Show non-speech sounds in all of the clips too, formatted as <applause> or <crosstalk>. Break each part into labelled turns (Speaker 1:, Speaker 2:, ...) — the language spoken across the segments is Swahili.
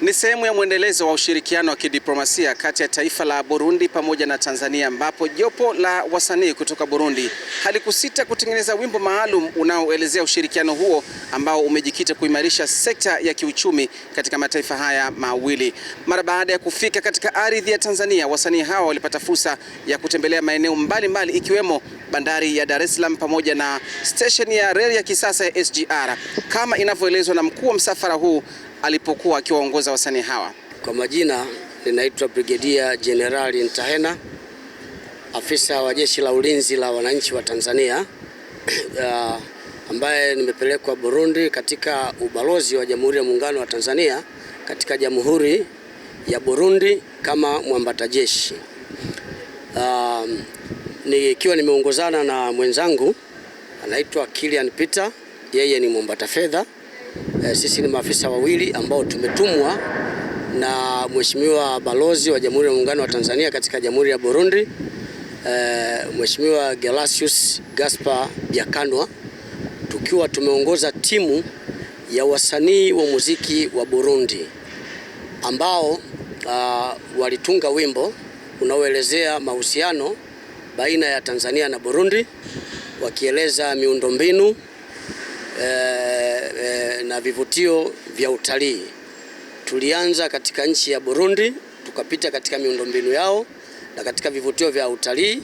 Speaker 1: Ni sehemu ya mwendelezo wa ushirikiano wa kidiplomasia kati ya taifa la Burundi pamoja na Tanzania ambapo jopo la wasanii kutoka Burundi halikusita kutengeneza wimbo maalum unaoelezea ushirikiano huo ambao umejikita kuimarisha sekta ya kiuchumi katika mataifa haya mawili. Mara baada ya kufika katika ardhi ya Tanzania, wasanii hawa walipata fursa ya kutembelea maeneo mbalimbali ikiwemo bandari ya Dar es Salaam pamoja na stesheni ya reli ya kisasa ya SGR kama inavyoelezwa na mkuu wa msafara huu alipokuwa akiwaongoza wasanii hawa.
Speaker 2: Kwa majina ninaitwa Brigedia Jenerali Ntahena, afisa wa Jeshi la Ulinzi la Wananchi wa Tanzania uh, <clears throat> ambaye nimepelekwa Burundi katika ubalozi wa Jamhuri ya Muungano wa Tanzania katika Jamhuri ya Burundi kama mwambata jeshi uh, nikiwa nimeongozana na mwenzangu anaitwa Kilian Peter, yeye ni mwambata fedha. Eh, sisi ni maafisa wawili ambao tumetumwa na Mheshimiwa Balozi wa Jamhuri ya Muungano wa Tanzania katika Jamhuri ya Burundi e, Mheshimiwa Gelasius Gaspar Byakanwa tukiwa tumeongoza timu ya wasanii wa muziki wa Burundi ambao uh, walitunga wimbo unaoelezea mahusiano baina ya Tanzania na Burundi wakieleza miundombinu eh, Eh, na vivutio vya utalii. Tulianza katika nchi ya Burundi, tukapita katika miundombinu yao na katika vivutio vya utalii.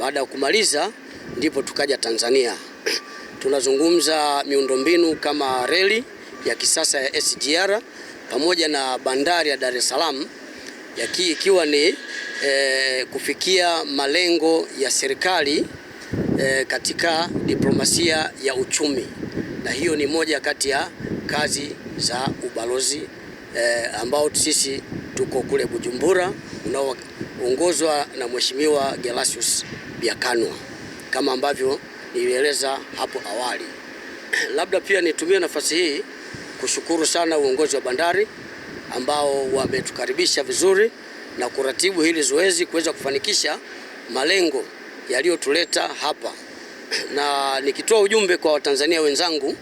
Speaker 2: Baada ya kumaliza, ndipo tukaja Tanzania. <clears throat> Tunazungumza miundombinu kama reli ya kisasa ya SGR pamoja na bandari ya Dar es Salaam ikiwa ni e, kufikia malengo ya serikali e, katika diplomasia ya uchumi na hiyo ni moja kati ya kazi za ubalozi e, ambao sisi tuko kule Bujumbura unaoongozwa na Mheshimiwa Gelasius Biakanwa kama ambavyo nilieleza hapo awali. <clears throat> Labda pia nitumie nafasi hii kushukuru sana uongozi wa bandari ambao wametukaribisha vizuri na kuratibu hili zoezi kuweza kufanikisha malengo yaliyotuleta hapa na nikitoa ujumbe kwa Watanzania wenzangu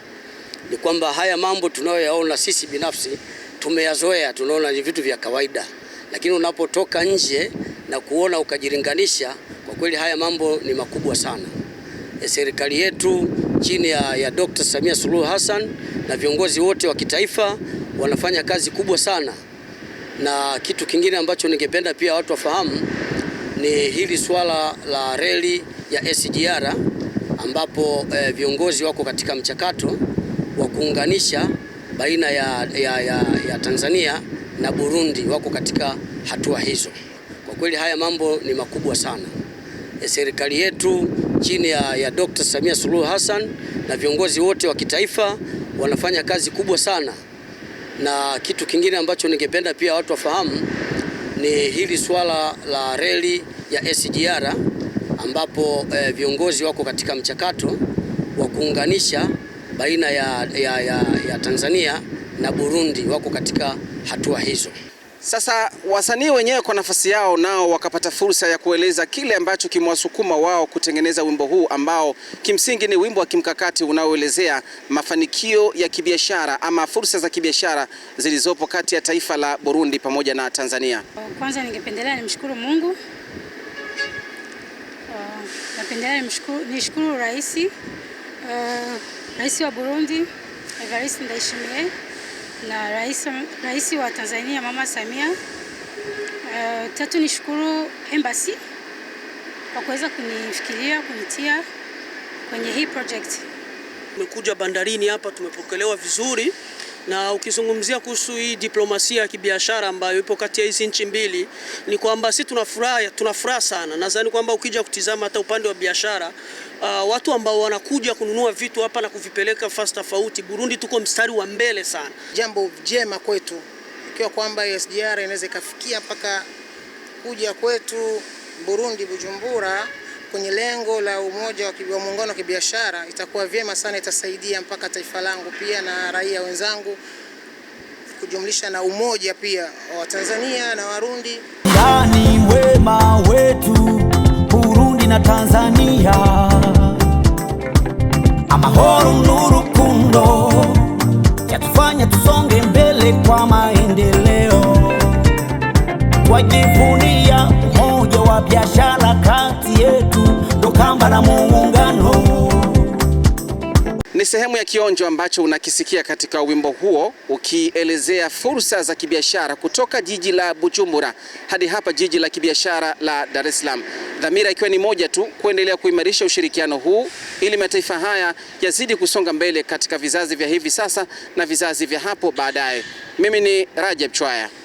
Speaker 2: ni kwamba haya mambo tunayoyaona sisi binafsi tumeyazoea, tunaona ni vitu vya kawaida, lakini unapotoka nje na kuona ukajilinganisha, kwa kweli haya mambo ni makubwa sana. E, serikali yetu chini ya, ya Dr. Samia Suluhu Hassan na viongozi wote wa kitaifa wanafanya kazi kubwa sana, na kitu kingine ambacho ningependa pia watu wafahamu ni hili swala la reli ya SGR ambapo eh, viongozi wako katika mchakato wa kuunganisha baina ya, ya, ya, ya Tanzania na Burundi wako katika hatua hizo. Kwa kweli haya mambo ni makubwa sana. E, serikali yetu chini ya, ya Dr. Samia Suluhu Hassan na viongozi wote wa kitaifa wanafanya kazi kubwa sana, na kitu kingine ambacho ningependa pia watu wafahamu ni hili swala la reli ya SGR ambapo eh, viongozi wako katika mchakato wa kuunganisha baina ya, ya, ya, ya Tanzania na Burundi, wako katika hatua hizo.
Speaker 1: Sasa wasanii wenyewe kwa nafasi yao nao wakapata fursa ya kueleza kile ambacho kimewasukuma wao kutengeneza wimbo huu ambao kimsingi ni wimbo wa kimkakati unaoelezea mafanikio ya kibiashara ama fursa za kibiashara zilizopo kati ya taifa la Burundi pamoja na Tanzania.
Speaker 3: Kwanza ningependelea nimshukuru Mungu Napendelea nishukuru rais eh, rais wa Burundi Evariste Ndayishimiye na rais, rais wa Tanzania Mama Samia. Uh, tatu nishukuru embassy kwa kuweza kunifikiria kunitia kwenye hii project.
Speaker 4: Tumekuja bandarini hapa tumepokelewa vizuri. Na ukizungumzia kuhusu hii diplomasia ya kibiashara ambayo ipo kati ya hizi nchi mbili, ni kwamba si tunafuraha tunafuraha sana. Nadhani kwamba ukija kutizama hata upande wa biashara uh, watu ambao wanakuja kununua vitu hapa na kuvipeleka fasi tofauti, Burundi tuko mstari wa mbele sana,
Speaker 5: jambo jema kwetu, ikiwa kwamba SGR inaweza ikafikia mpaka kuja kwetu Burundi Bujumbura kwenye lengo la umoja wa muungano wa kibiashara itakuwa vyema sana, itasaidia mpaka taifa langu pia na raia wenzangu kujumlisha na umoja pia wa Tanzania na Warundi.
Speaker 6: Ndani wema wetu Burundi na Tanzania, amahoro n'urukundo yatufanya tusonge mbele kwa maendeleo, wajivunia umoja wa biashara na muungano.
Speaker 1: Ni sehemu ya kionjo ambacho unakisikia katika wimbo huo ukielezea fursa za kibiashara kutoka jiji la Bujumbura hadi hapa jiji la kibiashara la Dar es Salaam, dhamira ikiwa ni moja tu, kuendelea kuimarisha ushirikiano huu ili mataifa haya yazidi kusonga mbele katika vizazi vya hivi sasa na vizazi vya hapo baadaye. Mimi ni Rajab Chwaya.